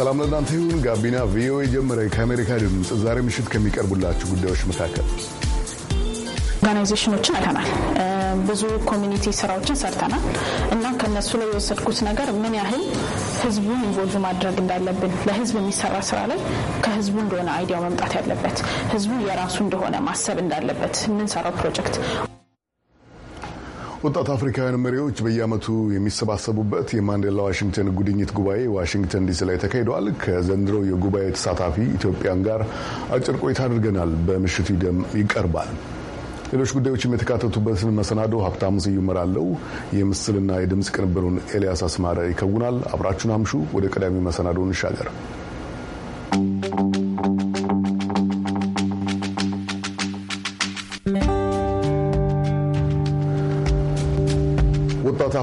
ሰላም ለእናንተ ይሁን። ጋቢና ቪኦኤ ጀመረ። ከአሜሪካ ድምፅ ዛሬ ምሽት ከሚቀርቡላችሁ ጉዳዮች መካከል ኦርጋናይዜሽኖችን አይተናል። ብዙ ኮሚኒቲ ስራዎችን ሰርተናል እና ከነሱ ላይ የወሰድኩት ነገር ምን ያህል ህዝቡን ኢንቮልቭ ማድረግ እንዳለብን ለህዝብ የሚሰራ ስራ ላይ ከህዝቡ እንደሆነ አይዲያው መምጣት ያለበት ህዝቡ የራሱ እንደሆነ ማሰብ እንዳለበት የምንሰራው ፕሮጀክት ወጣት አፍሪካውያን መሪዎች በየዓመቱ የሚሰባሰቡበት የማንዴላ ዋሽንግተን ጉድኝት ጉባኤ ዋሽንግተን ዲሲ ላይ ተካሂደዋል። ከዘንድሮ የጉባኤ ተሳታፊ ኢትዮጵያን ጋር አጭር ቆይታ አድርገናል። በምሽቱ ይቀርባል። ሌሎች ጉዳዮችም የተካተቱበትን መሰናዶ ሀብታሙ ስዩም እመራለሁ። የምስልና የድምፅ ቅንብሩን ኤልያስ አስማረ ይከውናል። አብራችሁን አምሹ። ወደ ቀዳሚው መሰናዶ እንሻገር።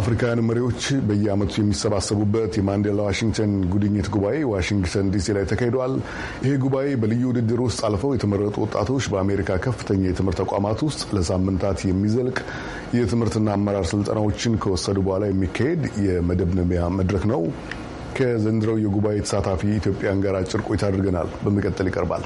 አፍሪካውያን መሪዎች በየዓመቱ የሚሰባሰቡበት የማንዴላ ዋሽንግተን ጉድኝት ጉባኤ ዋሽንግተን ዲሲ ላይ ተካሂደዋል። ይሄ ጉባኤ በልዩ ውድድር ውስጥ አልፈው የተመረጡ ወጣቶች በአሜሪካ ከፍተኛ የትምህርት ተቋማት ውስጥ ለሳምንታት የሚዘልቅ የትምህርትና አመራር ስልጠናዎችን ከወሰዱ በኋላ የሚካሄድ የመደብነሚያ መድረክ ነው። ከዘንድሮው የጉባኤ ተሳታፊ ኢትዮጵያን ጋር አጭር ቆይታ አድርገናል። በመቀጠል ይቀርባል።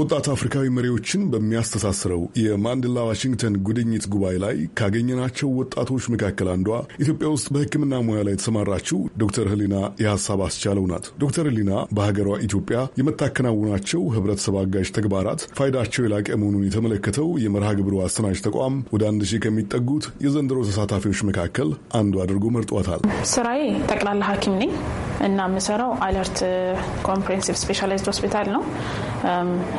ወጣት አፍሪካዊ መሪዎችን በሚያስተሳስረው የማንዴላ ዋሽንግተን ጉድኝት ጉባኤ ላይ ካገኘናቸው ወጣቶች መካከል አንዷ ኢትዮጵያ ውስጥ በሕክምና ሙያ ላይ የተሰማራችው ዶክተር ህሊና የሀሳብ አስቻለው ናት። ዶክተር ህሊና በሀገሯ ኢትዮጵያ የምታከናውናቸው ህብረተሰብ አጋዥ ተግባራት ፋይዳቸው የላቀ መሆኑን የተመለከተው የመርሃ ግብሩ አስተናጅ ተቋም ወደ አንድ ሺህ ከሚጠጉት የዘንድሮ ተሳታፊዎች መካከል አንዱ አድርጎ መርጧታል። ስራዬ ጠቅላላ ሐኪም ነኝ እና የምሰራው አለርት ኮምፕሬንሲቭ ስፔሻላይዝድ ሆስፒታል ነው።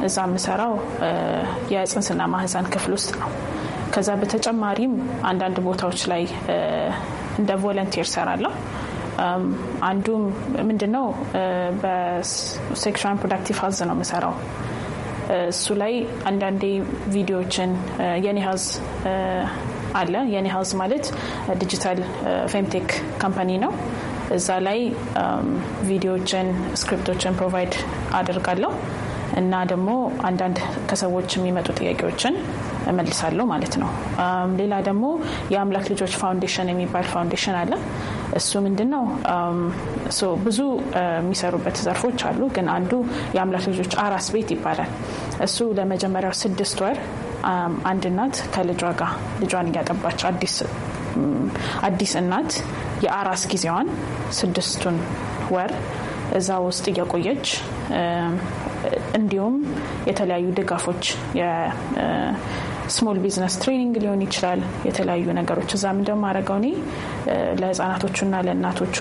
እዛ የምሰራው የጽንስና ማህፀን ክፍል ውስጥ ነው። ከዛ በተጨማሪም አንዳንድ ቦታዎች ላይ እንደ ቮለንቲር ሰራለሁ። አንዱም ምንድነው በሴክሹዋል ፕሮዳክቲቭ ሀዝ ነው የምሰራው። እሱ ላይ አንዳንዴ ቪዲዮዎችን የኔ ሀዝ አለ። የኔ ሀዝ ማለት ዲጂታል ፌምቴክ ካምፓኒ ነው። እዛ ላይ ቪዲዮዎችን፣ ስክሪፕቶችን ፕሮቫይድ አደርጋለሁ። እና ደግሞ አንዳንድ ከሰዎች የሚመጡ ጥያቄዎችን እመልሳለሁ ማለት ነው። ሌላ ደግሞ የአምላክ ልጆች ፋውንዴሽን የሚባል ፋውንዴሽን አለ። እሱ ምንድን ነው? ብዙ የሚሰሩበት ዘርፎች አሉ፣ ግን አንዱ የአምላክ ልጆች አራስ ቤት ይባላል። እሱ ለመጀመሪያው ስድስት ወር አንድ እናት ከልጇ ጋር ልጇን እያጠባች አዲስ እናት የአራስ ጊዜዋን ስድስቱን ወር እዛ ውስጥ እየቆየች እንዲሁም የተለያዩ ድጋፎች ስሞል ቢዝነስ ትሬኒንግ ሊሆን ይችላል። የተለያዩ ነገሮች እዛም እንደማረገው እኔ ለህጻናቶቹና ለእናቶቹ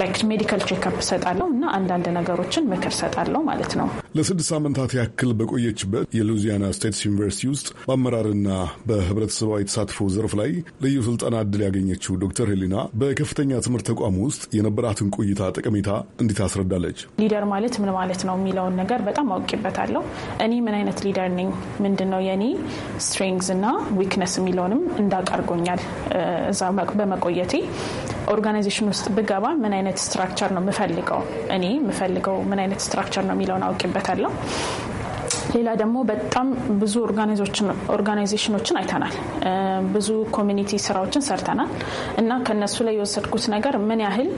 ላይክ ሜዲካል ቼክአፕ እሰጣለሁ እና አንዳንድ ነገሮችን ምክር እሰጣለሁ ማለት ነው። ለስድስት ሳምንታት ያክል በቆየችበት የሉዚያና ስቴትስ ዩኒቨርሲቲ ውስጥ በአመራርና በህብረተሰባዊ ተሳትፎ ዘርፍ ላይ ልዩ ስልጠና እድል ያገኘችው ዶክተር ሄሊና በከፍተኛ ትምህርት ተቋም ውስጥ የነበራትን ቆይታ ጠቀሜታ እንዲት አስረዳለች። ሊደር ማለት ምን ማለት ነው የሚለውን ነገር በጣም አውቂበታለሁ። እኔ ምን አይነት ሊደር ነኝ፣ ምንድን ነው የኔ ስትሬንግዝ እና ዊክነስ የሚለውንም እንዳቀርጎኛል እዛ በመቆየቴ ኦርጋናይዜሽን ውስጥ ብገባ ምን አይነት ስትራክቸር ነው የምፈልገው እኔ የምፈልገው ምን አይነት ስትራክቸር ነው የሚለውን አውቅበታለሁ። ሌላ ደግሞ በጣም ብዙ ኦርጋናይዜሽኖችን አይተናል። ብዙ ኮሚኒቲ ስራዎችን ሰርተናል እና ከነሱ ላይ የወሰድኩት ነገር ምን ያህል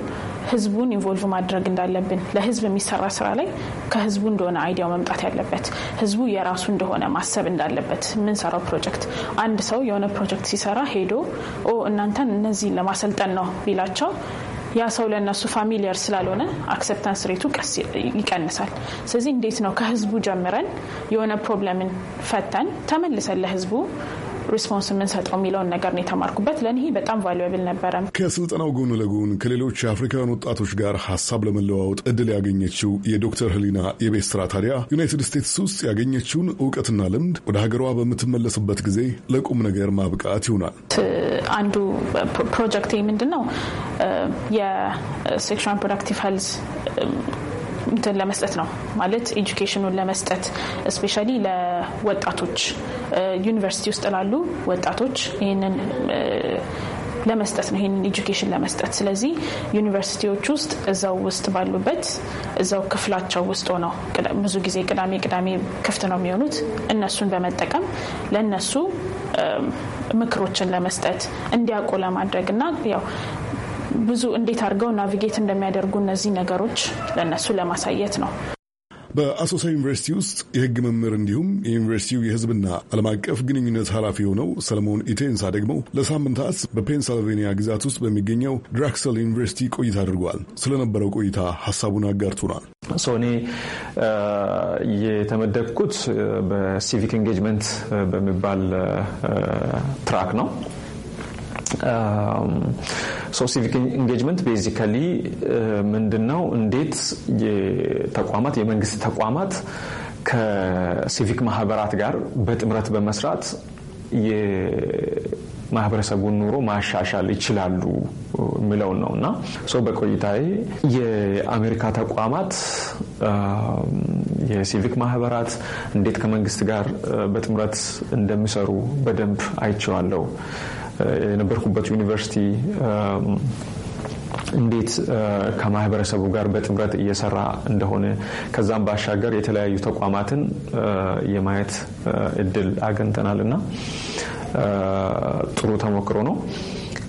ህዝቡን ኢንቮልቭ ማድረግ እንዳለብን ለህዝብ የሚሰራ ስራ ላይ ከህዝቡ እንደሆነ አይዲያው መምጣት ያለበት ህዝቡ የራሱ እንደሆነ ማሰብ እንዳለበት የምንሰራው ፕሮጀክት አንድ ሰው የሆነ ፕሮጀክት ሲሰራ ሄዶ ኦ እናንተን እነዚህን ለማሰልጠን ነው ቢላቸው ያ ሰው ለእነሱ ፋሚሊየር ስላልሆነ አክሰፕታንስ ሬቱ ቀስ ይቀንሳል። ስለዚህ እንዴት ነው ከህዝቡ ጀምረን የሆነ ፕሮብለምን ፈተን ተመልሰን ለህዝቡ ሪስፖንስ የምንሰጠው የሚለውን ነገር ነው የተማርኩበት። ለእኔ በጣም ቫሉብል ነበረ። ከስልጠናው ጎን ለጎን ከሌሎች የአፍሪካውያን ወጣቶች ጋር ሀሳብ ለመለዋወጥ እድል ያገኘችው የዶክተር ህሊና የቤት ስራ ታዲያ ዩናይትድ ስቴትስ ውስጥ ያገኘችውን እውቀትና ልምድ ወደ ሀገሯ በምትመለስበት ጊዜ ለቁም ነገር ማብቃት ይሆናል። አንዱ ፕሮጀክት ምንድን ነው የሴክሹዋል ፕሮዳክቲቭ ሄልዝ እንትን ለመስጠት ነው ማለት ኤጁኬሽኑን ለመስጠት እስፔሻሊ ለወጣቶች ዩኒቨርሲቲ ውስጥ ላሉ ወጣቶች ይህንን ለመስጠት ነው ይህንን ኤጁኬሽን ለመስጠት። ስለዚህ ዩኒቨርሲቲዎች ውስጥ እዛው ውስጥ ባሉበት እዛው ክፍላቸው ውስጥ ሆነው ብዙ ጊዜ ቅዳሜ ቅዳሜ ክፍት ነው የሚሆኑት እነሱን በመጠቀም ለእነሱ ምክሮችን ለመስጠት እንዲያውቁ ለማድረግ እና ያው ብዙ እንዴት አድርገው ናቪጌት እንደሚያደርጉ እነዚህ ነገሮች ለእነሱ ለማሳየት ነው። በአሶሳ ዩኒቨርሲቲ ውስጥ የህግ መምህር እንዲሁም የዩኒቨርሲቲው የህዝብና ዓለም አቀፍ ግንኙነት ኃላፊ የሆነው ሰለሞን ኢቴንሳ ደግሞ ለሳምንታት በፔንሳልቬኒያ ግዛት ውስጥ በሚገኘው ድራክሰል ዩኒቨርሲቲ ቆይታ አድርጓል። ስለነበረው ቆይታ ሀሳቡን አጋርቶናል። እኔ uh, የተመደብኩት uh, በሲቪክ ኢንጌጅመንት uh, በሚባል ትራክ ነው። ሶ ሲቪክ ኢንጌጅመንት ቤዚካሊ ምንድነው? እንዴት ተቋማት የመንግስት ተቋማት ከሲቪክ ማህበራት ጋር በጥምረት በመስራት የማህበረሰቡን ኑሮ ማሻሻል ይችላሉ የሚለውን ነው እና በቆይታዬ የአሜሪካ ተቋማት የሲቪክ ማህበራት እንዴት ከመንግስት ጋር በጥምረት እንደሚሰሩ በደንብ አይቼዋለሁ። የነበርኩበት ዩኒቨርሲቲ እንዴት ከማህበረሰቡ ጋር በጥምረት እየሰራ እንደሆነ ከዛም ባሻገር የተለያዩ ተቋማትን የማየት እድል አገኝተናል እና ጥሩ ተሞክሮ ነው።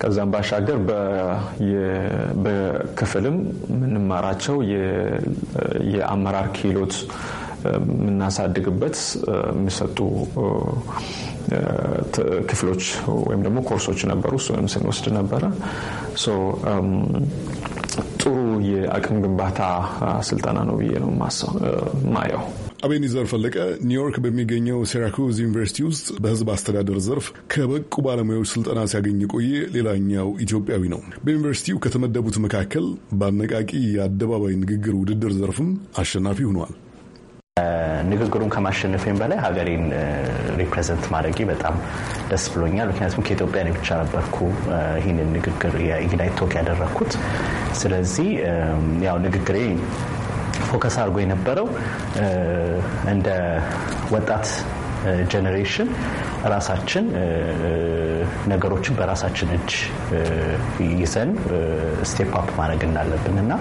ከዛም ባሻገር በክፍልም የምንማራቸው የአመራር ክህሎት የምናሳድግበት የሚሰጡ ክፍሎች ወይም ደግሞ ኮርሶች ነበሩ። ወይም ስንወስድ ነበረ። ጥሩ የአቅም ግንባታ ስልጠና ነው ብዬ ነው ማየው። አቤኒዘር ፈለቀ ኒውዮርክ በሚገኘው ሴራኩዝ ዩኒቨርሲቲ ውስጥ በሕዝብ አስተዳደር ዘርፍ ከበቁ ባለሙያዎች ስልጠና ሲያገኝ የቆየ ሌላኛው ኢትዮጵያዊ ነው። በዩኒቨርሲቲው ከተመደቡት መካከል በአነቃቂ የአደባባይ ንግግር ውድድር ዘርፍም አሸናፊ ሆኗል። ንግግሩን ከማሸነፌም በላይ ሀገሬን ሪፕሬዘንት ማድረጌ በጣም ደስ ብሎኛል። ምክንያቱም ከኢትዮጵያ ብቻ ነበርኩ ይህንን ንግግር የኢግናይት ቶክ ያደረግኩት። ስለዚህ ያው ንግግሬ ፎከስ አድርጎ የነበረው እንደ ወጣት ጀኔሬሽን ራሳችን ነገሮችን በራሳችን እጅ ይዘን ስቴፕ አፕ ማድረግ እንዳለብን እና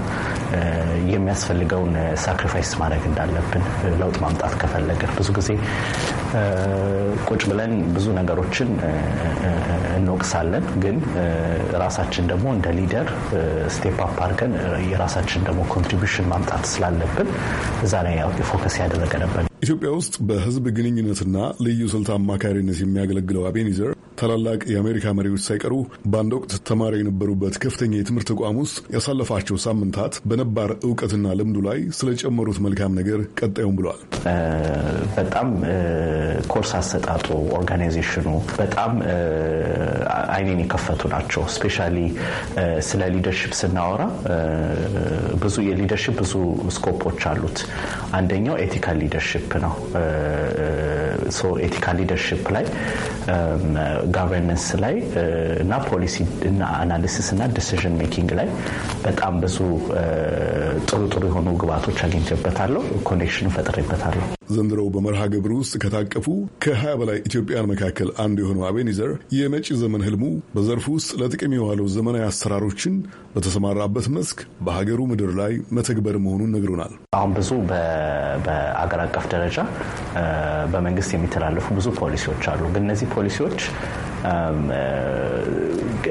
የሚያስፈልገውን ሳክሪፋይስ ማድረግ እንዳለብን ለውጥ ማምጣት ከፈለግን ብዙ ጊዜ ቁጭ ብለን ብዙ ነገሮችን እንወቅሳለን። ግን ራሳችን ደግሞ እንደ ሊደር ስቴፕ አፕ አድርገን የራሳችን ደግሞ ኮንትሪቢሽን ማምጣት ስላለብን እዛ ላይ ፎከስ ያደረገ ነበር ኢትዮጵያ ውስጥ በህዝብ ግንኙነትና ልዩ ስልት አማካሪነት የሚያገለግለው አቤኒዘር ታላላቅ የአሜሪካ መሪዎች ሳይቀሩ በአንድ ወቅት ተማሪ የነበሩበት ከፍተኛ የትምህርት ተቋም ውስጥ ያሳለፋቸው ሳምንታት በነባር እውቀትና ልምዱ ላይ ስለጨመሩት መልካም ነገር ቀጣዩም ብሏል። በጣም ኮርስ አሰጣጡ፣ ኦርጋናይዜሽኑ በጣም አይኔን የከፈቱ ናቸው። ስፔሻሊ ስለ ሊደርሽፕ ስናወራ ብዙ የሊደርሽፕ ብዙ ስኮፖች አሉት። አንደኛው ኤቲካል ሊደርሽፕ ነው። ኤቲካል ሊደርሽፕ ላይ ጋቨርነንስ ላይ እና ፖሊሲ እና አናሊሲስ እና ዲሲዥን ሜኪንግ ላይ በጣም ብዙ ጥሩ ጥሩ የሆኑ ግብአቶች አግኝቼበታለሁ። ኮኔክሽን ፈጥሬበታለሁ። ዘንድሮው በመርሃ ግብር ውስጥ ከታቀፉ ከ20 በላይ ኢትዮጵያን መካከል አንዱ የሆነው አቤኒዘር የመጪ ዘመን ህልሙ በዘርፉ ውስጥ ለጥቅም የዋለው ዘመናዊ አሰራሮችን በተሰማራበት መስክ በሀገሩ ምድር ላይ መተግበር መሆኑን ነግሮናል። አሁን ብዙ በአገር አቀፍ ደረጃ በመንግስት የሚተላለፉ ብዙ ፖሊሲዎች አሉ። ግን እነዚህ ፖሊሲዎች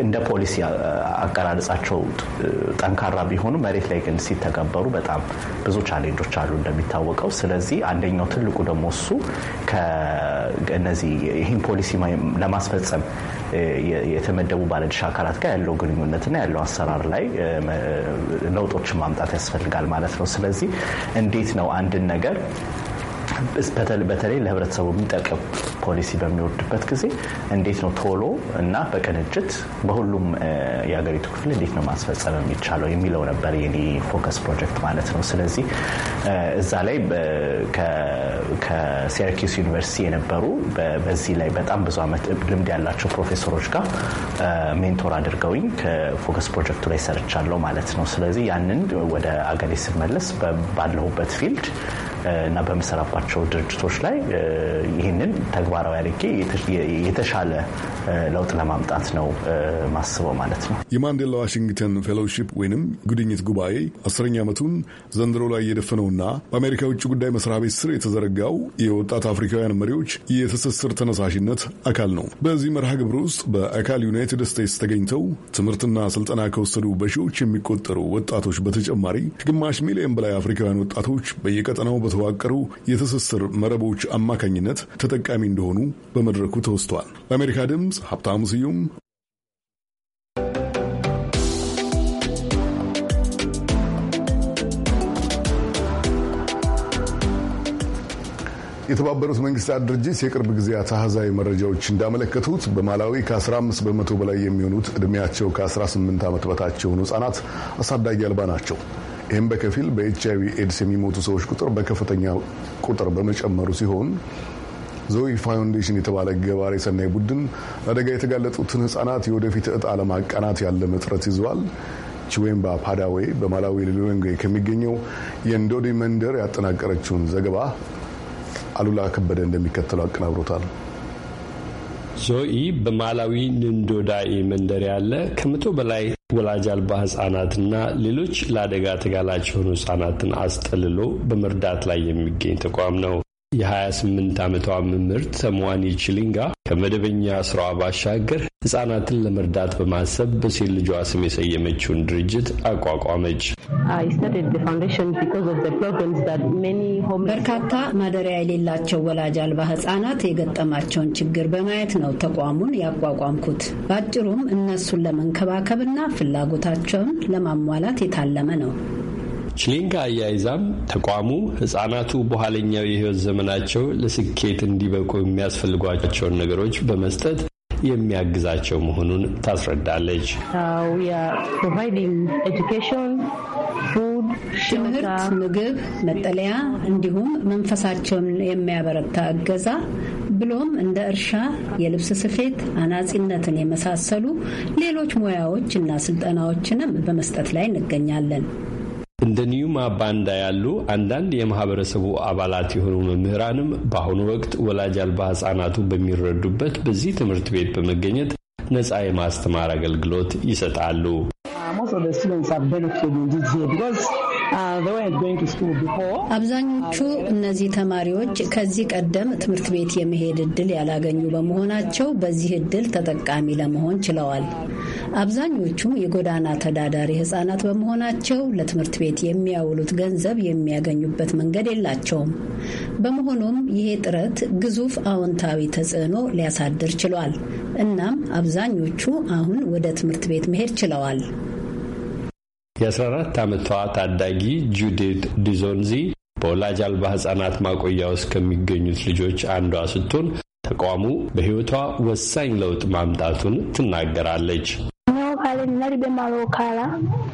እንደ ፖሊሲ አቀራረጻቸው ጠንካራ ቢሆኑ መሬት ላይ ግን ሲተገበሩ በጣም ብዙ ቻሌንጆች አሉ እንደሚታወቀው። ስለዚህ አንደኛው ትልቁ ደግሞ እሱ እነዚህ ይህን ፖሊሲ ለማስፈጸም የተመደቡ ባለድርሻ አካላት ጋር ያለው ግንኙነትና ያለው አሰራር ላይ ለውጦችን ማምጣት ያስፈልጋል ማለት ነው። ስለዚህ እንዴት ነው አንድን ነገር በተለይ ለህብረተሰቡ የሚጠቅም ፖሊሲ በሚወርድበት ጊዜ እንዴት ነው ቶሎ እና በቅንጅት በሁሉም የሀገሪቱ ክፍል እንዴት ነው ማስፈጸም የሚቻለው የሚለው ነበር የኔ ፎከስ ፕሮጀክት ማለት ነው። ስለዚህ እዛ ላይ ከሲራኪስ ዩኒቨርሲቲ የነበሩ በዚህ ላይ በጣም ብዙ ዓመት ልምድ ያላቸው ፕሮፌሰሮች ጋር ሜንቶር አድርገውኝ ከፎከስ ፕሮጀክቱ ላይ ሰርቻለው ማለት ነው። ስለዚህ ያንን ወደ አገሬ ስመለስ ባለሁበት ፊልድ እና በምሰራባቸው ድርጅቶች ላይ ይህንን ተግባራዊ አድርጌ የተሻለ ለውጥ ለማምጣት ነው ማስበው ማለት ነው። የማንዴላ ዋሽንግተን ፌሎውሺፕ ወይንም ጉድኝት ጉባኤ አስረኛ ዓመቱን ዘንድሮ ላይ የደፈነውና በአሜሪካ የውጭ ጉዳይ መስሪያ ቤት ስር የተዘረጋው የወጣት አፍሪካውያን መሪዎች የትስስር ተነሳሽነት አካል ነው። በዚህ መርሃ ግብር ውስጥ በአካል ዩናይትድ ስቴትስ ተገኝተው ትምህርትና ስልጠና ከወሰዱ በሺዎች የሚቆጠሩ ወጣቶች በተጨማሪ ግማሽ ሚሊዮን በላይ አፍሪካውያን ወጣቶች በየቀጠናው በተዋቀሩ የትስስር መረቦች አማካኝነት ተጠቃሚ እንደሆኑ በመድረኩ ተወስቷል። በአሜሪካ ድምፅ ሀብታሙ ስዩም የተባበሩት መንግስታት ድርጅት የቅርብ ጊዜያት አሃዛዊ መረጃዎች እንዳመለከቱት በማላዊ ከ15 በመቶ በላይ የሚሆኑት ዕድሜያቸው ከ18 ዓመት በታች የሆኑ ህጻናት አሳዳጊ አልባ ናቸው። ይህም በከፊል በኤች አይቪ ኤድስ የሚሞቱ ሰዎች ቁጥር በከፍተኛ ቁጥር በመጨመሩ ሲሆን ዞይ ፋውንዴሽን የተባለ ገባሬ ሰናይ ቡድን ለአደጋ የተጋለጡትን ህጻናት የወደፊት እጣ ለማቃናት ያለ መጥረት ይዘዋል። ቺዌምባ ፓዳዌ በማላዊ ሊሎንጌ ከሚገኘው የእንዶዲ መንደር ያጠናቀረችውን ዘገባ አሉላ ከበደ እንደሚከተለው አቀናብሮታል። ዞኢ በማላዊ ንንዶዳኢ መንደር ያለ ከመቶ በላይ ወላጅ አልባ ህጻናትና ሌሎች ለአደጋ ተጋላጭ የሆኑ ህጻናትን አስጠልሎ በመርዳት ላይ የሚገኝ ተቋም ነው። የ28 ዓመቷ መምህርት ሰሙዋኒ ቺሊንጋ ከመደበኛ ስራዋ ባሻገር ህጻናትን ለመርዳት በማሰብ በሴት ልጇ ስም የሰየመችውን ድርጅት አቋቋመች። በርካታ ማደሪያ የሌላቸው ወላጅ አልባ ህጻናት የገጠማቸውን ችግር በማየት ነው ተቋሙን ያቋቋምኩት። በአጭሩም እነሱን ለመንከባከብና ፍላጎታቸውን ለማሟላት የታለመ ነው። ችሌንጋ አያይዛም ተቋሙ ህጻናቱ በኋለኛው የህይወት ዘመናቸው ለስኬት እንዲበቁ የሚያስፈልጓቸውን ነገሮች በመስጠት የሚያግዛቸው መሆኑን ታስረዳለች። ትምህርት፣ ምግብ፣ መጠለያ እንዲሁም መንፈሳቸውን የሚያበረታ እገዛ ብሎም እንደ እርሻ፣ የልብስ ስፌት፣ አናጺነትን የመሳሰሉ ሌሎች ሙያዎች እና ስልጠናዎችንም በመስጠት ላይ እንገኛለን። እንደ ኒዩማ ባንዳ ያሉ አንዳንድ የማህበረሰቡ አባላት የሆኑ መምህራንም በአሁኑ ወቅት ወላጅ አልባ ህጻናቱ በሚረዱበት በዚህ ትምህርት ቤት በመገኘት ነፃ የማስተማር አገልግሎት ይሰጣሉ። አብዛኞቹ እነዚህ ተማሪዎች ከዚህ ቀደም ትምህርት ቤት የመሄድ እድል ያላገኙ በመሆናቸው በዚህ እድል ተጠቃሚ ለመሆን ችለዋል። አብዛኞቹም የጎዳና ተዳዳሪ ህጻናት በመሆናቸው ለትምህርት ቤት የሚያውሉት ገንዘብ የሚያገኙበት መንገድ የላቸውም። በመሆኑም ይሄ ጥረት ግዙፍ አዎንታዊ ተጽዕኖ ሊያሳድር ችሏል። እናም አብዛኞቹ አሁን ወደ ትምህርት ቤት መሄድ ችለዋል። የ14 ዓመቷ ታዳጊ ጁዲት ዲዞንዚ በወላጅ አልባ ህጻናት ማቆያ ውስጥ ከሚገኙት ልጆች አንዷ ስትሆን ተቋሙ በሕይወቷ ወሳኝ ለውጥ ማምጣቱን ትናገራለች። ካለ ናልቤ ማለው ካላ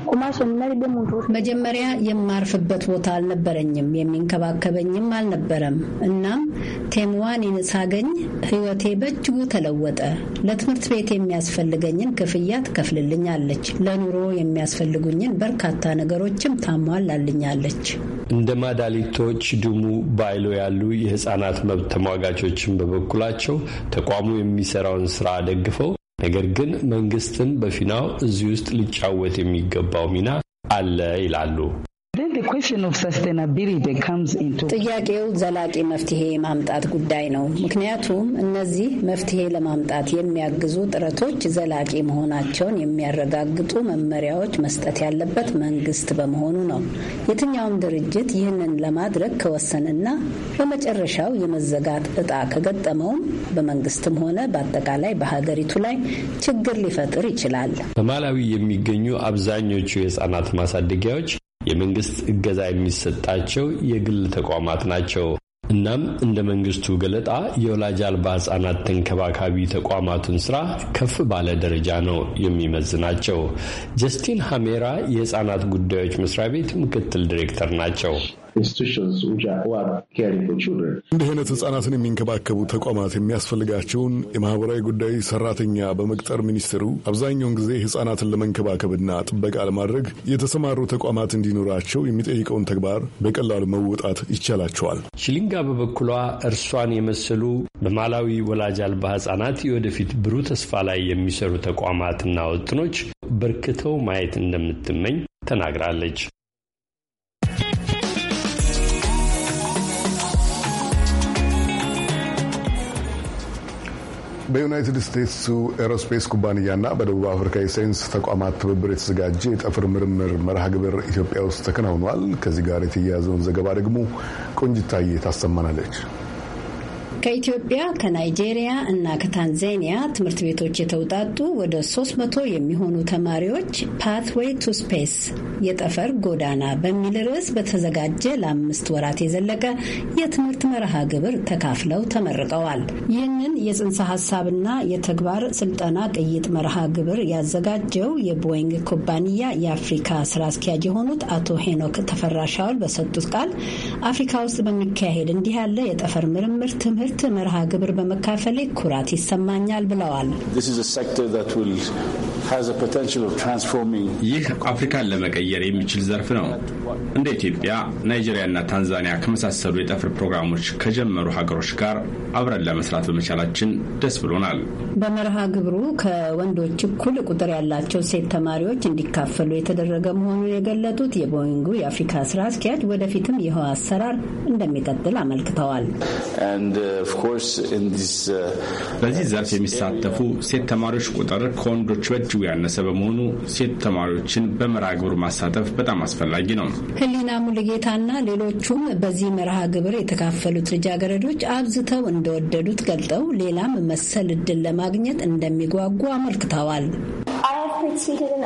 ኩማሶ ናልቤ ሙንቶ መጀመሪያ የማርፍበት ቦታ አልነበረኝም፣ የሚንከባከበኝም አልነበረም። እናም ቴምዋኔን ሳገኝ ህይወቴ በእጅጉ ተለወጠ። ለትምህርት ቤት የሚያስፈልገኝን ክፍያ ትከፍልልኛለች። ለኑሮ የሚያስፈልጉኝን በርካታ ነገሮችም ታሟላልኛለች። እንደ ማዳሊቶች ድሙ ባይሎ ያሉ የህፃናት መብት ተሟጋቾችን በበኩላቸው ተቋሙ የሚሰራውን ስራ ደግፈው ነገር ግን መንግስትን በፊናው እዚህ ውስጥ ሊጫወት የሚገባው ሚና አለ ይላሉ። ጥያቄው ዘላቂ መፍትሄ የማምጣት ጉዳይ ነው። ምክንያቱም እነዚህ መፍትሄ ለማምጣት የሚያግዙ ጥረቶች ዘላቂ መሆናቸውን የሚያረጋግጡ መመሪያዎች መስጠት ያለበት መንግስት በመሆኑ ነው። የትኛውም ድርጅት ይህንን ለማድረግ ከወሰንና በመጨረሻው የመዘጋት እጣ ከገጠመውም በመንግስትም ሆነ በአጠቃላይ በሀገሪቱ ላይ ችግር ሊፈጥር ይችላል። በማላዊ የሚገኙ አብዛኞቹ የህጻናት ማሳደጊያዎች የመንግስት እገዛ የሚሰጣቸው የግል ተቋማት ናቸው። እናም እንደ መንግስቱ ገለጣ የወላጅ አልባ ህጻናት ተንከባካቢ ተቋማቱን ስራ ከፍ ባለ ደረጃ ነው የሚመዝናቸው። ጀስቲን ሃሜራ የህጻናት ጉዳዮች መስሪያ ቤት ምክትል ዲሬክተር ናቸው። ኢንስቲቱሽንስ እንዲህ አይነት ህጻናትን የሚንከባከቡ ተቋማት የሚያስፈልጋቸውን የማህበራዊ ጉዳይ ሰራተኛ በመቅጠር ሚኒስትሩ አብዛኛውን ጊዜ ህጻናትን ለመንከባከብና ጥበቃ ለማድረግ የተሰማሩ ተቋማት እንዲኖራቸው የሚጠይቀውን ተግባር በቀላሉ መወጣት ይቻላቸዋል። ሽሊንጋ በበኩሏ እርሷን የመሰሉ በማላዊ ወላጅ አልባ ህጻናት የወደፊት ብሩህ ተስፋ ላይ የሚሰሩ ተቋማትና ወጥኖች በርክተው ማየት እንደምትመኝ ተናግራለች። በዩናይትድ ስቴትሱ ኤሮስፔስ ኩባንያና በደቡብ አፍሪካ የሳይንስ ተቋማት ትብብር የተዘጋጀ የጠፍር ምርምር መርሃ ግብር ኢትዮጵያ ውስጥ ተከናውኗል። ከዚህ ጋር የተያያዘውን ዘገባ ደግሞ ቆንጅታዬ ታሰማናለች። ከኢትዮጵያ፣ ከናይጄሪያ እና ከታንዛኒያ ትምህርት ቤቶች የተውጣጡ ወደ 300 የሚሆኑ ተማሪዎች ፓትዌይ ቱ ስፔስ የጠፈር ጎዳና በሚል ርዕስ በተዘጋጀ ለአምስት ወራት የዘለቀ የትምህርት መርሃ ግብር ተካፍለው ተመርቀዋል። ይህንን የጽንሰ ሀሳብና የተግባር ስልጠና ቅይጥ መርሃ ግብር ያዘጋጀው የቦይንግ ኩባንያ የአፍሪካ ስራ አስኪያጅ የሆኑት አቶ ሄኖክ ተፈራሻውል በሰጡት ቃል አፍሪካ ውስጥ በሚካሄድ እንዲህ ያለ የጠፈር ምርምር ትምህርት ትምህርት መርሃ ግብር በመካፈሌ ኩራት ይሰማኛል ብለዋል። ይህ አፍሪካን ለመቀየር የሚችል ዘርፍ ነው። እንደ ኢትዮጵያ፣ ናይጄሪያና ታንዛኒያ ከመሳሰሉ የጠፍር ፕሮግራሞች ከጀመሩ ሀገሮች ጋር አብረን ለመስራት በመቻላችን ደስ ብሎናል። በመርሃ ግብሩ ከወንዶች እኩል ቁጥር ያላቸው ሴት ተማሪዎች እንዲካፈሉ የተደረገ መሆኑን የገለጡት የቦይንጉ የአፍሪካ ስራ አስኪያጅ ወደፊትም ይኸው አሰራር እንደሚቀጥል አመልክተዋል። uh, uh, በዚህ ዘርፍ የሚሳተፉ ሴት ተማሪዎች ቁጥር ከወንዶች በእጅ ቁጥራቸው ያነሰ በመሆኑ ሴት ተማሪዎችን በመርሃ ግብር ማሳተፍ በጣም አስፈላጊ ነው። ህሊና ሙልጌታና ሌሎቹም በዚህ መርሃ ግብር የተካፈሉት ልጃገረዶች አብዝተው እንደወደዱት ገልጠው ሌላም መሰል እድል ለማግኘት እንደሚጓጉ አመልክተዋል። Uh,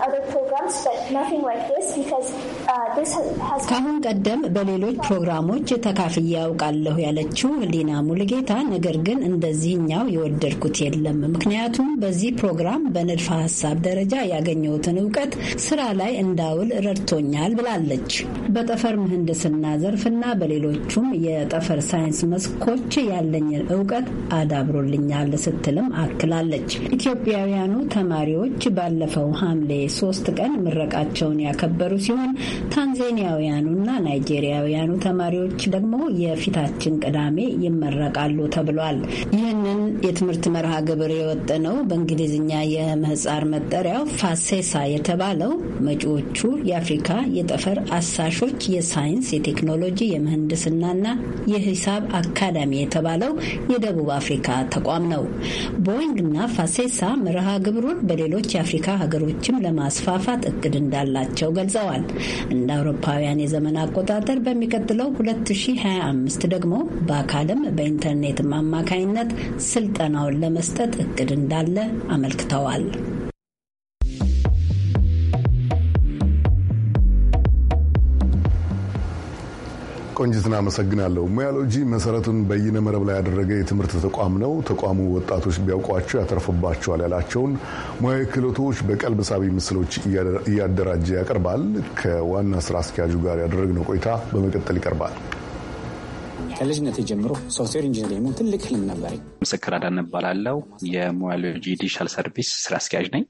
ከአሁን ቀደም በሌሎች ፕሮግራሞች ተካፍዬ ያውቃለሁ ያለችው ህሊና ሙልጌታ፣ ነገር ግን እንደዚህኛው የወደድኩት የለም። ምክንያቱም በዚህ ፕሮግራም በንድፈ ሀሳብ ደረጃ ያገኘሁትን እውቀት ስራ ላይ እንዳውል ረድቶኛል ብላለች። በጠፈር ምህንድስና ዘርፍና በሌሎቹም የጠፈር ሳይንስ መስኮች ያለኝን እውቀት አዳብሮልኛል ስትልም አክላለች። ኢትዮጵያውያኑ ተማሪዎች ባለፈው ሐምሌ ሶስት ቀን ምረቃቸውን ያከበሩ ሲሆን ታንዛኒያውያኑና ናይጄሪያውያኑ ተማሪዎች ደግሞ የፊታችን ቅዳሜ ይመረቃሉ ተብሏል። ይህንን የትምህርት መርሃ ግብር የወጠነው በእንግሊዝኛ የምህፃር መጠሪያው ፋሴሳ የተባለው መጪዎቹ የአፍሪካ የጠፈር አሳሾች የሳይንስ፣ የቴክኖሎጂ፣ የምህንድስናና የሂሳብ አካዳሚ የተባለው የደቡብ አፍሪካ ተቋም ነው። ቦይንግና ፋሴሳ መርሃ ግብሩን በሌሎች የአፍሪካ ሀገሮች ሌሎችም ለማስፋፋት እቅድ እንዳላቸው ገልጸዋል። እንደ አውሮፓውያን የዘመን አቆጣጠር በሚቀጥለው 2025 ደግሞ በአካልም በኢንተርኔትም አማካኝነት ስልጠናውን ለመስጠት እቅድ እንዳለ አመልክተዋል። ቆንጅትን አመሰግናለሁ። ሙያሎጂ መሰረቱን በይነ መረብ ላይ ያደረገ የትምህርት ተቋም ነው። ተቋሙ ወጣቶች ቢያውቋቸው ያተርፉባቸዋል ያላቸውን ሙያዊ ክህሎቶች በቀልብ ሳቢ ምስሎች እያደራጀ ያቀርባል። ከዋና ስራ አስኪያጁ ጋር ያደረግነው ቆይታ በመቀጠል ይቀርባል። ከልጅነት ጀምሮ ሶፍትዌር ኢንጂነር የመሆን ትልቅ ህልም ነበረኝ። ምስክር አዳነ እባላለሁ። የሙያሎጂ ዲጂታል ሰርቪስ ስራ አስኪያጅ ነኝ።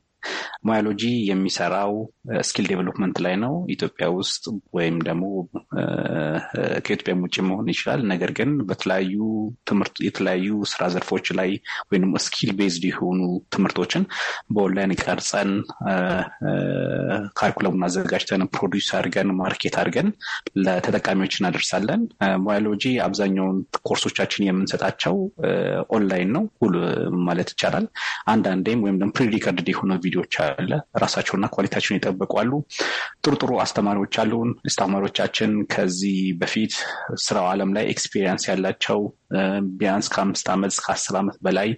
ማዮሎጂ የሚሰራው ስኪል uh, ዴቨሎፕመንት ላይ ነው። ኢትዮጵያ ውስጥ ወይም ደግሞ uh, ከኢትዮጵያም ውጭ መሆን ይችላል። ነገር ግን በተለያዩ ትምህርት የተለያዩ ስራ ዘርፎች ላይ ወይም ስኪል ቤዝድ የሆኑ ትምህርቶችን በኦንላይን ቀርጸን ካሪኩለሙን uh, አዘጋጅተን ፕሮዲስ አድርገን ማርኬት አድርገን ለተጠቃሚዎች እናደርሳለን። ማዮሎጂ አብዛኛውን ኮርሶቻችን የምንሰጣቸው ኦንላይን ነው ሁሉ ማለት ይቻላል። አንዳንዴም ወይም ደግሞ ፕሪሪከርድድ የሆነ ቪዲዮዎች አለ። ራሳቸውና ኳሊቲያቸውን የጠበቁ አሉ። ጥሩ ጥሩ አስተማሪዎች አሉን። አስተማሪዎቻችን ከዚህ በፊት ስራው አለም ላይ ኤክስፔሪንስ ያላቸው ቢያንስ ከአምስት ዓመት እስከ አስር ዓመት በላይ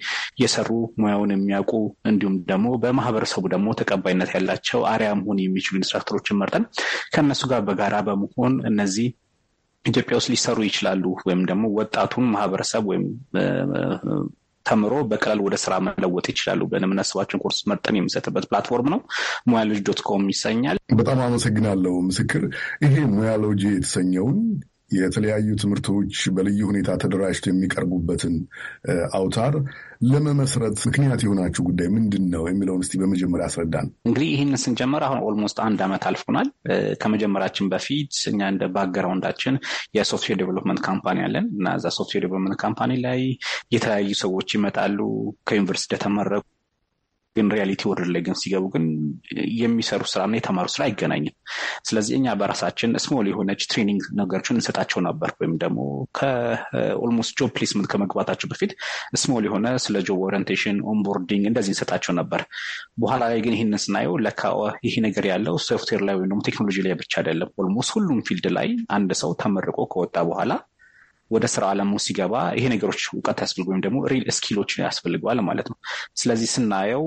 የሰሩ ሙያውን የሚያውቁ እንዲሁም ደግሞ በማህበረሰቡ ደግሞ ተቀባይነት ያላቸው አሪያ መሆን የሚችሉ ኢንስትራክተሮችን መርጠን ከእነሱ ጋር በጋራ በመሆን እነዚህ ኢትዮጵያ ውስጥ ሊሰሩ ይችላሉ ወይም ደግሞ ወጣቱን ማህበረሰብ ወይም ተምሮ በቀላል ወደ ስራ መለወጥ ይችላሉ ብለን የምናስባቸውን ኮርስ መርጠን የሚሰጥበት ፕላትፎርም ነው። ሙያሎጅ ዶት ኮም ይሰኛል። በጣም አመሰግናለሁ ምስክር። ይሄ ሙያሎጂ የተሰኘውን የተለያዩ ትምህርቶች በልዩ ሁኔታ ተደራጅተው የሚቀርቡበትን አውታር ለመመስረት ምክንያት የሆናችሁ ጉዳይ ምንድን ነው የሚለውን እስቲ በመጀመሪያ ያስረዳን። እንግዲህ ይህን ስንጀምር አሁን ኦልሞስት አንድ ዓመት አልፎናል። ከመጀመራችን በፊት እኛ እንደ ባገራውንዳችን የሶፍትዌር ዴቨሎፕመንት ካምፓኒ አለን እና እዛ ሶፍትዌር ዴቨሎፕመንት ካምፓኒ ላይ የተለያዩ ሰዎች ይመጣሉ ከዩኒቨርሲቲ እንደተመረቁ ግን ሪያሊቲ ወርልድ ላይ ግን ሲገቡ ግን የሚሰሩ ስራና የተማሩ ስራ አይገናኝም። ስለዚህ እኛ በራሳችን ስሞል የሆነች ትሬኒንግ ነገሮችን እንሰጣቸው ነበር። ወይም ደግሞ ከኦልሞስት ጆብ ፕሌስመንት ከመግባታቸው በፊት ስሞል የሆነ ስለ ጆብ ኦሪንቴሽን፣ ኦንቦርዲንግ እንደዚህ እንሰጣቸው ነበር። በኋላ ላይ ግን ይህንን ስናየው ለካ ይሄ ነገር ያለው ሶፍትዌር ላይ ወይም ደግሞ ቴክኖሎጂ ላይ ብቻ አይደለም። ኦልሞስት ሁሉም ፊልድ ላይ አንድ ሰው ተመርቆ ከወጣ በኋላ ወደ ስራ አለሙ ሲገባ ይሄ ነገሮች እውቀት ያስፈልግ ወይም ደግሞ ሪል እስኪሎች ያስፈልገዋል ማለት ነው። ስለዚህ ስናየው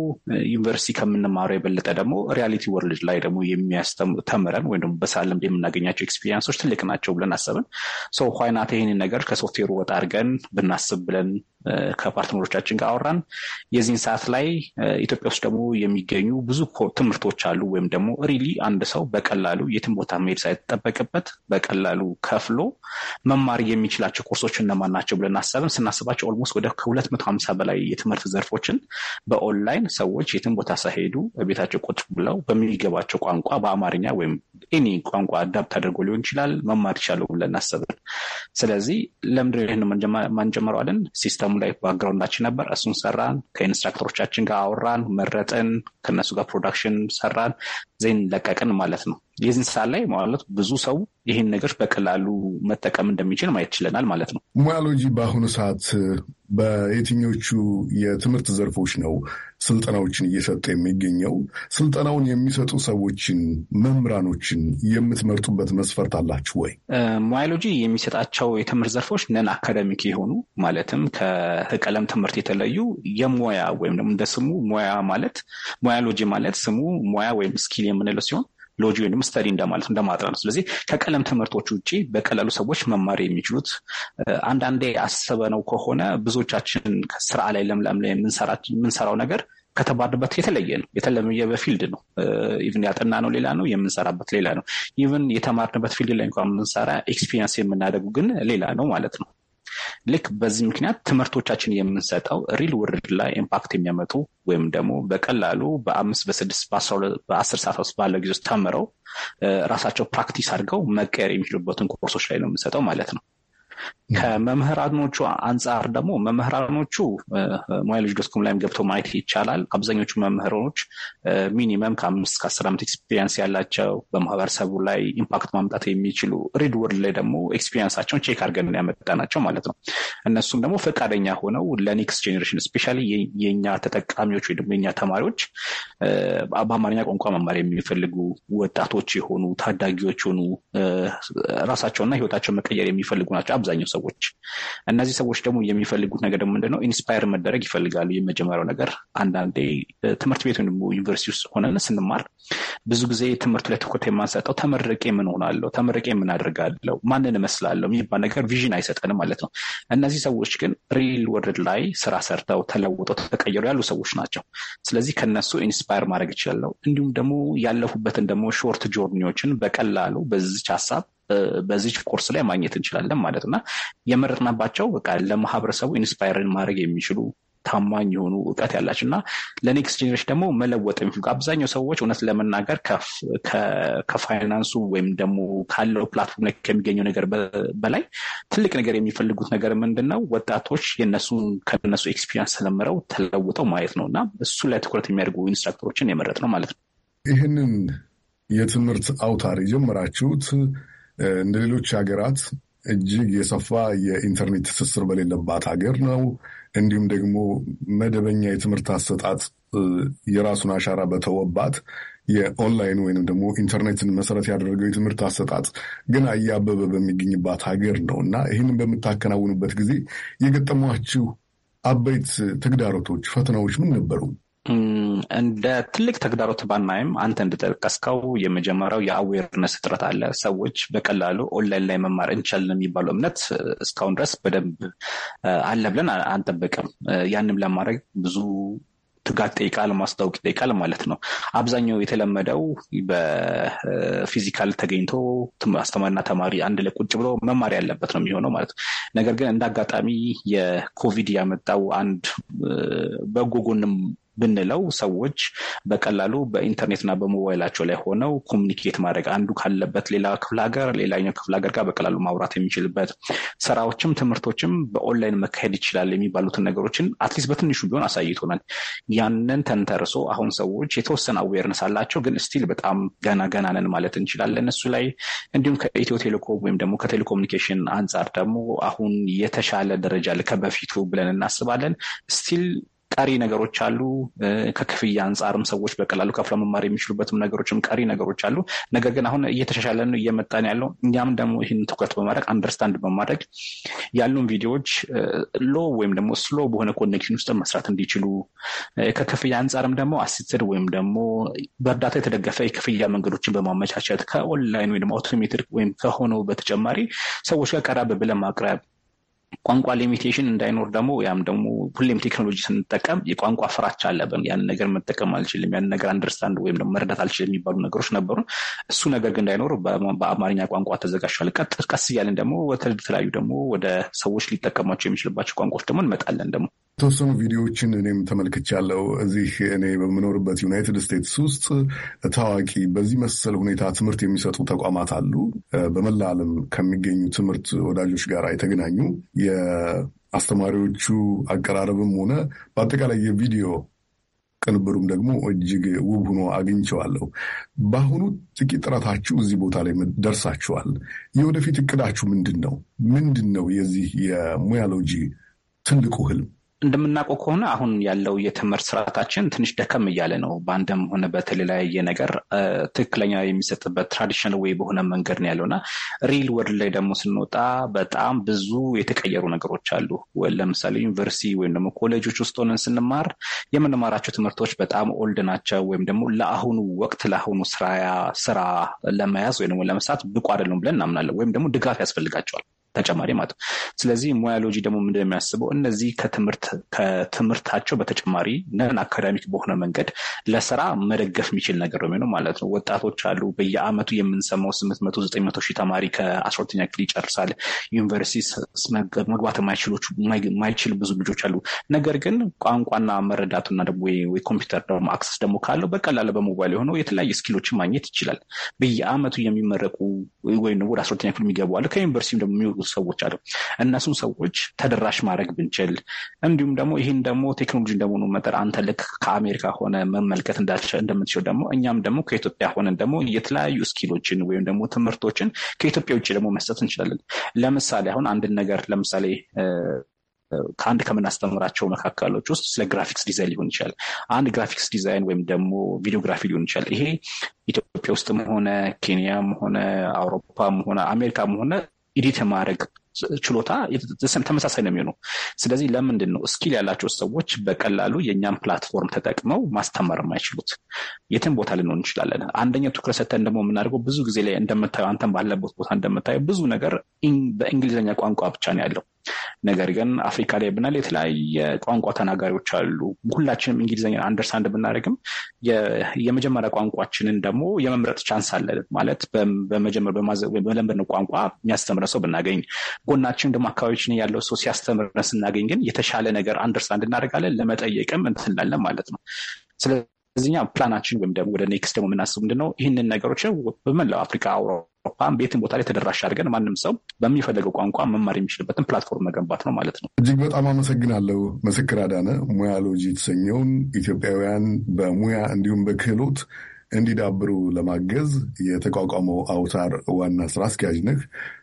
ዩኒቨርሲቲ ከምንማረው የበለጠ ደግሞ ሪያሊቲ ወርልድ ላይ ደግሞ የሚያስተምረን ወይም ደግሞ በሳለም የምናገኛቸው ኤክስፒሪየንሶች ትልቅ ናቸው ብለን አሰብን። ሶ ኋይናት ይህንን ነገር ከሶፍትዌሩ ወጣ አድርገን ብናስብ ብለን ከፓርትነሮቻችን ጋር አወራን። የዚህን ሰዓት ላይ ኢትዮጵያ ውስጥ ደግሞ የሚገኙ ብዙ ትምህርቶች አሉ ወይም ደግሞ ሪሊ አንድ ሰው በቀላሉ የትም ቦታ መሄድ ሳይጠበቅበት በቀላሉ ከፍሎ መማር የሚችላቸው ኮርሶች እነማን ናቸው ብለን አሰብን። ስናስባቸው ኦልሞስት ወደ ከሁለት መቶ ሀምሳ በላይ የትምህርት ዘርፎችን በኦንላይን ሰዎች የትም ቦታ ሳይሄዱ በቤታቸው ቁጭ ብለው በሚገባቸው ቋንቋ በአማርኛ ወይም ኤኒ ቋንቋ አዳፕት አድርጎ ሊሆን ይችላል መማር ይቻሉ ብለን አሰብን። ስለዚህ ለምንድን ይህን ማንጀመረዋለን ሲስተም ፊልሙ ላይ ባግራውንዳችን ነበር። እሱን ሰራን። ከኢንስትራክተሮቻችን ጋር አወራን፣ መረጥን፣ ከነሱ ጋር ፕሮዳክሽን ሰራን፣ ዜን ለቀቅን ማለት ነው። የዚህን ሰዓት ላይ ማለት ብዙ ሰው ይህን ነገሮች በቀላሉ መጠቀም እንደሚችል ማየት ችለናል ማለት ነው። ሙያሎጂ በአሁኑ ሰዓት በየትኞቹ የትምህርት ዘርፎች ነው ስልጠናዎችን እየሰጠ የሚገኘው? ስልጠናውን የሚሰጡ ሰዎችን፣ መምህራኖችን የምትመርጡበት መስፈርት አላችሁ ወይ? ሞያሎጂ የሚሰጣቸው የትምህርት ዘርፎች ነን አካዳሚክ የሆኑ ማለትም ከቀለም ትምህርት የተለዩ የሞያ ወይም ደግሞ እንደ ስሙ ማለት ሞያሎጂ ማለት ስሙ ሞያ ወይም ስኪል የምንለው ሲሆን ሎጂ ወይም ስተዲ እንደማለት እንደማጥናት ነው። ስለዚህ ከቀለም ትምህርቶች ውጭ በቀላሉ ሰዎች መማር የሚችሉት አንዳንዴ ነው ከሆነ ብዙዎቻችን ስራ ላይ ለምለም ላይ የምንሰራው ነገር ከተማርንበት የተለየ ነው። የተለየ በፊልድ ነው። ኢቭን ያጠና ነው ሌላ ነው፣ የምንሰራበት ሌላ ነው። ኢቭን የተማርንበት ፊልድ ላይ እንኳን የምንሰራ ኤክስፒሪየንስ የምናደጉ ግን ሌላ ነው ማለት ነው። ልክ በዚህ ምክንያት ትምህርቶቻችን የምንሰጠው ሪል ወርድ ላይ ኢምፓክት የሚያመጡ ወይም ደግሞ በቀላሉ በአምስት በስድስት በአስር ሰዓት ውስጥ ባለው ጊዜ ውስጥ ተምረው ራሳቸው ፕራክቲስ አድርገው መቀየር የሚችሉበትን ኮርሶች ላይ ነው የምንሰጠው ማለት ነው። ከመምህራኖቹ አንጻር ደግሞ መምህራኖቹ ሞባይል ዶትኮም ላይም ገብቶ ማየት ይቻላል። አብዛኞቹ መምህራኖች ሚኒመም ከአምስት ከአስር ዓመት ኤክስፒሪየንስ ያላቸው በማህበረሰቡ ላይ ኢምፓክት ማምጣት የሚችሉ ሪድ ወርድ ላይ ደግሞ ኤክስፒሪየንሳቸውን ቼክ አድርገን ናቸው ማለት ነው። እነሱም ደግሞ ፈቃደኛ ሆነው ለኔክስት ጄኔሬሽን እስፔሻሊ የኛ ተጠቃሚዎች ወይ ደግሞ የኛ ተማሪዎች በአማርኛ ቋንቋ መማር የሚፈልጉ ወጣቶች የሆኑ ታዳጊዎች የሆኑ ራሳቸውና ህይወታቸውን መቀየር የሚፈልጉ ናቸው አብዛኛው ሰዎች። እነዚህ ሰዎች ደግሞ የሚፈልጉት ነገር ደግሞ ምንድነው? ኢንስፓየር መደረግ ይፈልጋሉ። የመጀመሪያው ነገር አንዳንዴ ትምህርት ቤት ወይም ደግሞ ዩኒቨርሲቲ ውስጥ ሆነን ስንማር ብዙ ጊዜ ትምህርቱ ላይ ትኩረት የማንሰጠው ተመረቄ ምን ሆናለሁ፣ ተመረቄ ምን አድርጋለሁ፣ ማንን እመስላለሁ የሚባል ነገር ቪዥን አይሰጠንም ማለት ነው። እነዚህ ሰዎች ግን ሪል ወርድ ላይ ስራ ሰርተው ተለውጠው ተቀየሩ ያሉ ሰዎች ናቸው። ስለዚህ ከነሱ ኢንስፓየር ማድረግ ይችላለሁ። እንዲሁም ደግሞ ያለፉበትን ደግሞ ሾርት ጆርኒዎችን በቀላሉ በዚች ሀሳብ በዚች ኮርስ ላይ ማግኘት እንችላለን ማለት እና የመረጥናባቸው በቃ ለማህበረሰቡ ኢንስፓይርን ማድረግ የሚችሉ ታማኝ የሆኑ እውቀት ያላቸው እና ለኔክስት ጀኔሬሽን ደግሞ መለወጥ የሚፈልጉ አብዛኛው ሰዎች እውነት ለመናገር ከፋይናንሱ ወይም ደግሞ ካለው ፕላትፎርም ላይ ከሚገኘው ነገር በላይ ትልቅ ነገር የሚፈልጉት ነገር ምንድን ነው? ወጣቶች የነሱን ከነሱ ኤክስፒሪንስ ተለምረው ተለውጠው ማየት ነው እና እሱ ላይ ትኩረት የሚያደርጉ ኢንስትራክተሮችን የመረጥ ነው ማለት ነው። ይህንን የትምህርት አውታር የጀመራችሁት እንደ ሌሎች ሀገራት እጅግ የሰፋ የኢንተርኔት ትስስር በሌለባት ሀገር ነው። እንዲሁም ደግሞ መደበኛ የትምህርት አሰጣጥ የራሱን አሻራ በተወባት የኦንላይን ወይንም ደግሞ ኢንተርኔትን መሰረት ያደረገው የትምህርት አሰጣጥ ግን እያበበ በሚገኝባት ሀገር ነው እና ይህንን በምታከናውኑበት ጊዜ የገጠሟችሁ አበይት ተግዳሮቶች፣ ፈተናዎች ምን ነበሩ? እንደ ትልቅ ተግዳሮት ባናይም አንተ እንደጠቀስከው የመጀመሪያው የአዌርነስ እጥረት አለ። ሰዎች በቀላሉ ኦንላይን ላይ መማር እንችላለን የሚባለው እምነት እስካሁን ድረስ በደንብ አለ ብለን አንጠበቅም። ያንም ለማድረግ ብዙ ትጋት ጠይቃል፣ ማስታወቅ ይጠይቃል ማለት ነው። አብዛኛው የተለመደው በፊዚካል ተገኝቶ አስተማሪና ተማሪ አንድ ላይ ቁጭ ብሎ መማር ያለበት ነው የሚሆነው ማለት ነው። ነገር ግን እንደ አጋጣሚ የኮቪድ ያመጣው አንድ በጎ ጎንም ብንለው ሰዎች በቀላሉ በኢንተርኔትና በሞባይላቸው ላይ ሆነው ኮሚኒኬት ማድረግ አንዱ ካለበት ሌላ ክፍለ ሀገር ሌላኛው ክፍለ ሀገር ጋር በቀላሉ ማውራት የሚችልበት ስራዎችም ትምህርቶችም በኦንላይን መካሄድ ይችላል የሚባሉትን ነገሮችን አትሊስት በትንሹ ቢሆን አሳይቶናል። ያንን ተንተርሶ አሁን ሰዎች የተወሰነ አዌርነስ አላቸው፣ ግን ስቲል በጣም ገና ገና ነን ማለት እንችላለን እሱ ላይ እንዲሁም ከኢትዮ ቴሌኮም ወይም ደግሞ ከቴሌኮሙኒኬሽን አንጻር ደግሞ አሁን የተሻለ ደረጃ ከበፊቱ ብለን እናስባለን ስቲል ቀሪ ነገሮች አሉ። ከክፍያ አንጻርም ሰዎች በቀላሉ ከፍለው መማር የሚችሉበትም ነገሮችም ቀሪ ነገሮች አሉ። ነገር ግን አሁን እየተሻሻለ ነው እየመጣን ያለው። እኛም ደግሞ ይህን ትኩረት በማድረግ አንደርስታንድ በማድረግ ያሉን ቪዲዮዎች ሎ ወይም ደግሞ ስሎ በሆነ ኮኔክሽን ውስጥ መስራት እንዲችሉ ከክፍያ አንጻርም ደግሞ አሲስትድ ወይም ደግሞ በእርዳታ የተደገፈ የክፍያ መንገዶችን በማመቻቸት ከኦንላይን ወይም ደግሞ አውቶሜትሪክ ወይም ከሆነው በተጨማሪ ሰዎች ጋር ቀረብ ብለን ማቅረብ ቋንቋ ሊሚቴሽን እንዳይኖር ደግሞ ያም ደግሞ ሁሌም ቴክኖሎጂ ስንጠቀም የቋንቋ ፍራቻ አለብን። ያንን ነገር መጠቀም አልችልም፣ ያን ነገር አንደርስታንድ ወይም ደግሞ መረዳት አልችልም የሚባሉ ነገሮች ነበሩ። እሱ ነገር ግን እንዳይኖር በአማርኛ ቋንቋ ተዘጋጅቷል። ቀስ እያለን ደግሞ ወደ ደግሞ ወደ ሰዎች ሊጠቀሟቸው የሚችልባቸው ቋንቋዎች ደግሞ እንመጣለን ደግሞ የተወሰኑ ቪዲዮዎችን እኔም ተመልክቻለሁ። እዚህ እኔ በምኖርበት ዩናይትድ ስቴትስ ውስጥ ታዋቂ በዚህ መሰል ሁኔታ ትምህርት የሚሰጡ ተቋማት አሉ። በመላ ዓለም ከሚገኙ ትምህርት ወዳጆች ጋር የተገናኙ የአስተማሪዎቹ አቀራረብም ሆነ በአጠቃላይ የቪዲዮ ቅንብሩም ደግሞ እጅግ ውብ ሆኖ አግኝቸዋለሁ። በአሁኑ ጥቂት ጥረታችሁ እዚህ ቦታ ላይ ደርሳችኋል። የወደፊት እቅዳችሁ ምንድን ነው? ምንድን ነው የዚህ የሙያሎጂ ትልቁ ህልም? እንደምናውቀው ከሆነ አሁን ያለው የትምህርት ስርዓታችን ትንሽ ደከም እያለ ነው። በአንድም ሆነ በተለያየ ነገር ትክክለኛ የሚሰጥበት ትራዲሽናል ወይ በሆነ መንገድ ነው ያለውና ሪል ወርድ ላይ ደግሞ ስንወጣ በጣም ብዙ የተቀየሩ ነገሮች አሉ። ለምሳሌ ዩኒቨርሲቲ ወይም ደግሞ ኮሌጆች ውስጥ ሆነን ስንማር የምንማራቸው ትምህርቶች በጣም ኦልድ ናቸው፣ ወይም ደግሞ ለአሁኑ ወቅት ለአሁኑ ስራ ለመያዝ ወይም ደግሞ ለመስራት ብቁ አደለም ብለን እናምናለን፣ ወይም ደግሞ ድጋፍ ያስፈልጋቸዋል። ተጨማሪ ማለት ነው። ስለዚህ ሙያሎጂ ደግሞ ምንድን የሚያስበው እነዚህ ከትምህርታቸው በተጨማሪ ነን አካዳሚክ በሆነ መንገድ ለስራ መደገፍ የሚችል ነገር ነው ማለት ነው። ወጣቶች አሉ። በየአመቱ የምንሰማው ስምንት መቶ ዘጠኝ መቶ ሺህ ተማሪ ከአስራ ክፍል ይጨርሳል። ዩኒቨርሲቲ መግባት የማይችል ብዙ ልጆች አሉ። ነገር ግን ቋንቋና መረዳቱና ደግሞ ኮምፒውተር ደግሞ አክሰስ ደግሞ ካለው በቀላል በሞባይል የሆነው የተለያዩ ስኪሎችን ማግኘት ይችላል። በየአመቱ የሚመረቁ ወይም ወደ አስራ ክፍል የሚገቡ አሉ። ከዩኒቨርሲቲ ደግሞ የሚወጡ የሚያደርጉት ሰዎች አሉ። እነሱን ሰዎች ተደራሽ ማድረግ ብንችል እንዲሁም ደግሞ ይህን ደግሞ ቴክኖሎጂ እንደመሆኑ መጠር አንተ ልክ ከአሜሪካ ሆነ መመልከት እንደምትችል ደግሞ እኛም ደግሞ ከኢትዮጵያ ሆነን ደግሞ የተለያዩ ስኪሎችን ወይም ደግሞ ትምህርቶችን ከኢትዮጵያ ውጭ ደግሞ መስጠት እንችላለን። ለምሳሌ አሁን አንድን ነገር ለምሳሌ ከአንድ ከምናስተምራቸው መካከሎች ውስጥ ስለ ግራፊክስ ዲዛይን ሊሆን ይችላል። አንድ ግራፊክስ ዲዛይን ወይም ደግሞ ቪዲዮግራፊ ሊሆን ይችላል። ይሄ ኢትዮጵያ ውስጥም ሆነ ኬንያም ሆነ አውሮፓም ሆነ አሜሪካም ሆነ ኢዲት የማድረግ ችሎታ ተመሳሳይ ነው የሚሆነው። ስለዚህ ለምንድን ነው እስኪል ያላቸው ሰዎች በቀላሉ የእኛን ፕላትፎርም ተጠቅመው ማስተማር የማይችሉት? የትም ቦታ ልንሆን እንችላለን። አንደኛው ትኩረት ሰተን ደግሞ የምናደርገው ብዙ ጊዜ ላይ እንደምታየው አንተን ባለበት ቦታ እንደምታየው ብዙ ነገር በእንግሊዝኛ ቋንቋ ብቻ ነው ያለው። ነገር ግን አፍሪካ ላይ ብናል የተለያየ ቋንቋ ተናጋሪዎች አሉ። ሁላችንም እንግሊዝኛ አንደርስታንድ ብናደርግም የመጀመሪያ ቋንቋችንን ደግሞ የመምረጥ ቻንስ አለ ማለት በለመድነው ቋንቋ የሚያስተምረ ሰው ብናገኝ፣ ጎናችን ደግሞ አካባቢችን ያለው ሰው ሲያስተምረ ስናገኝ ግን የተሻለ ነገር አንደርስታንድ እናደርጋለን፣ ለመጠየቅም እንትንላለን ማለት ነው። እዚኛ ፕላናችን ወይም ደግሞ ወደ ኔክስት ደግሞ የምናስቡ ምንድነው ይህንን ነገሮች በመላው አፍሪካ፣ አውሮፓም ቤትን ቦታ ላይ ተደራሽ አድርገን ማንም ሰው በሚፈለገው ቋንቋ መማር የሚችልበትን ፕላትፎርም መገንባት ነው ማለት ነው። እጅግ በጣም አመሰግናለሁ። ምስክር አዳነ ሙያ ሎጂ የተሰኘውን ኢትዮጵያውያን በሙያ እንዲሁም በክህሎት እንዲዳብሩ ለማገዝ የተቋቋመው አውታር ዋና ስራ አስኪያጅ ነህ።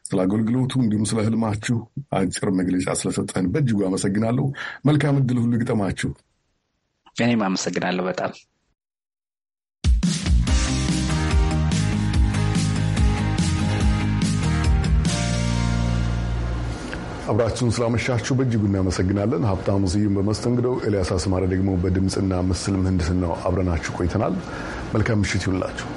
ስለ አገልግሎቱ እንዲሁም ስለ ህልማችሁ አጭር መግለጫ ስለሰጠህን በእጅጉ አመሰግናለሁ። መልካም እድል ሁሉ ግጠማችሁ። እኔም አመሰግናለሁ በጣም አብራችሁን ስላመሻችሁ በእጅጉ እናመሰግናለን። ሀብታሙ ስዩም በመስተንግዶው፣ ኤልያስ አስማረ ደግሞ በድምፅና ምስል ምህንድስናው አብረናችሁ ቆይተናል። መልካም ምሽት ይሁንላችሁ።